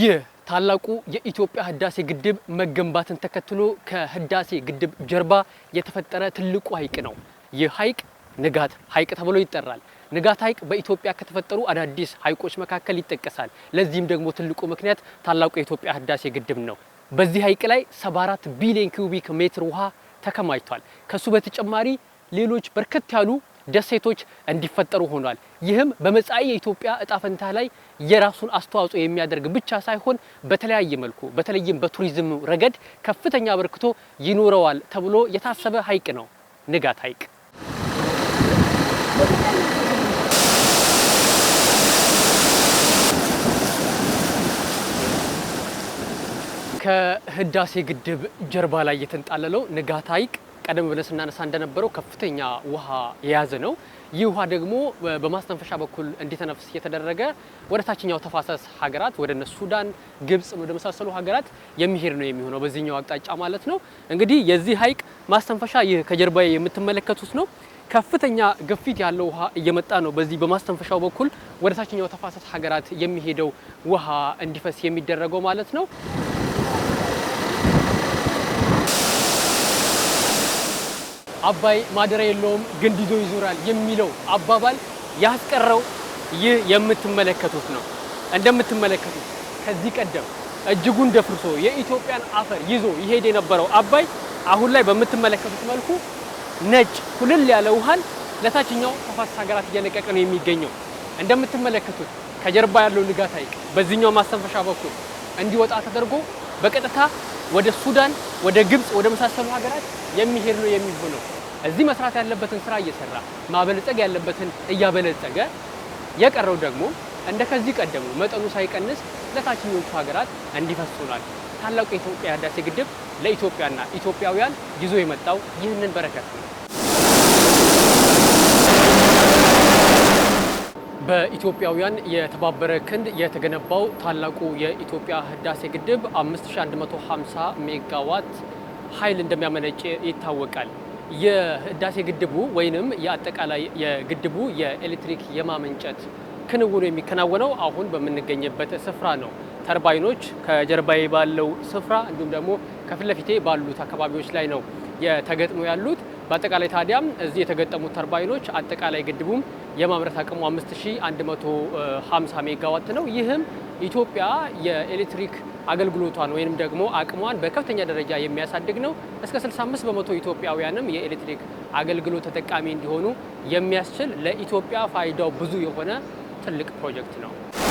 ይህ ታላቁ የኢትዮጵያ ህዳሴ ግድብ መገንባትን ተከትሎ ከህዳሴ ግድብ ጀርባ የተፈጠረ ትልቁ ሐይቅ ነው። ይህ ሐይቅ ንጋት ሐይቅ ተብሎ ይጠራል። ንጋት ሐይቅ በኢትዮጵያ ከተፈጠሩ አዳዲስ ሐይቆች መካከል ይጠቀሳል። ለዚህም ደግሞ ትልቁ ምክንያት ታላቁ የኢትዮጵያ ህዳሴ ግድብ ነው። በዚህ ሐይቅ ላይ 74 ቢሊዮን ኪዩቢክ ሜትር ውሃ ተከማችቷል። ከሱ በተጨማሪ ሌሎች በርከት ያሉ ደሴቶች እንዲፈጠሩ ሆኗል። ይህም በመጻኢ የኢትዮጵያ እጣ ፈንታ ላይ የራሱን አስተዋጽኦ የሚያደርግ ብቻ ሳይሆን በተለያየ መልኩ በተለይም በቱሪዝም ረገድ ከፍተኛ አበርክቶ ይኖረዋል ተብሎ የታሰበ ሐይቅ ነው ንጋት ሐይቅ። ከህዳሴ ግድብ ጀርባ ላይ የተንጣለለው ንጋት ሐይቅ ቀደም ብለን ስናነሳ እንደነበረው ከፍተኛ ውሃ የያዘ ነው። ይህ ውሃ ደግሞ በማስተንፈሻ በኩል እንዲተነፍስ እየተደረገ ወደ ታችኛው ተፋሰስ ሀገራት ወደ እነ ሱዳን፣ ግብጽ ወደ መሳሰሉ ሀገራት የሚሄድ ነው የሚሆነው በዚህኛው አቅጣጫ ማለት ነው። እንግዲህ የዚህ ሀይቅ ማስተንፈሻ ይህ ከጀርባ የምትመለከቱት ነው። ከፍተኛ ግፊት ያለው ውሃ እየመጣ ነው። በዚህ በማስተንፈሻው በኩል ወደ ታችኛው ተፋሰስ ሀገራት የሚሄደው ውሃ እንዲፈስ የሚደረገው ማለት ነው። አባይ ማደሪያ የለውም ግንድ ይዞ ይዞራል የሚለው አባባል ያስቀረው ይህ የምትመለከቱት ነው። እንደምትመለከቱት ከዚህ ቀደም እጅጉን ደፍርሶ የኢትዮጵያን አፈር ይዞ ይሄድ የነበረው አባይ አሁን ላይ በምትመለከቱት መልኩ ነጭ ሁልል ያለ ውሃን ለታችኛው ተፋሰስ ሀገራት እየለቀቀ ነው የሚገኘው። እንደምትመለከቱት ከጀርባ ያለው ንጋት ሐይቅ በዚህኛው ማስተንፈሻ በኩል እንዲወጣ ተደርጎ በቀጥታ ወደ ሱዳን፣ ወደ ግብጽ ወደ መሳሰሉ ሀገራት የሚሄድ ነው የሚሆነው። እዚህ መስራት ያለበትን ስራ እየሰራ ማበልጸግ ያለበትን እያበለጸገ የቀረው ደግሞ እንደ ከዚህ ቀደሙ መጠኑ ሳይቀንስ ለታችኞቹ ሀገራት እንዲፈሱናል። ታላቁ የኢትዮጵያ ህዳሴ ግድብ ለኢትዮጵያና ኢትዮጵያውያን ይዞ የመጣው ይህንን በረከት ነው። በኢትዮጵያውያን የተባበረ ክንድ የተገነባው ታላቁ የኢትዮጵያ ህዳሴ ግድብ 5150 ሜጋዋት ኃይል እንደሚያመነጭ ይታወቃል። የህዳሴ ግድቡ ወይንም የአጠቃላይ የግድቡ የኤሌክትሪክ የማመንጨት ክንውኑ የሚከናወነው አሁን በምንገኝበት ስፍራ ነው። ተርባይኖች ከጀርባዬ ባለው ስፍራ እንዲሁም ደግሞ ከፊት ለፊቴ ባሉት አካባቢዎች ላይ ነው የተገጥሞ ያሉት። በአጠቃላይ ታዲያም እዚህ የተገጠሙት ተርባይኖች አጠቃላይ ግድቡም የማምረት አቅሙ 5150 ሜጋዋት ነው። ይህም ኢትዮጵያ የኤሌክትሪክ አገልግሎቷን ወይም ደግሞ አቅሟን በከፍተኛ ደረጃ የሚያሳድግ ነው። እስከ 65 በመቶ ኢትዮጵያውያንም የኤሌክትሪክ አገልግሎት ተጠቃሚ እንዲሆኑ የሚያስችል ለኢትዮጵያ ፋይዳው ብዙ የሆነ ትልቅ ፕሮጀክት ነው።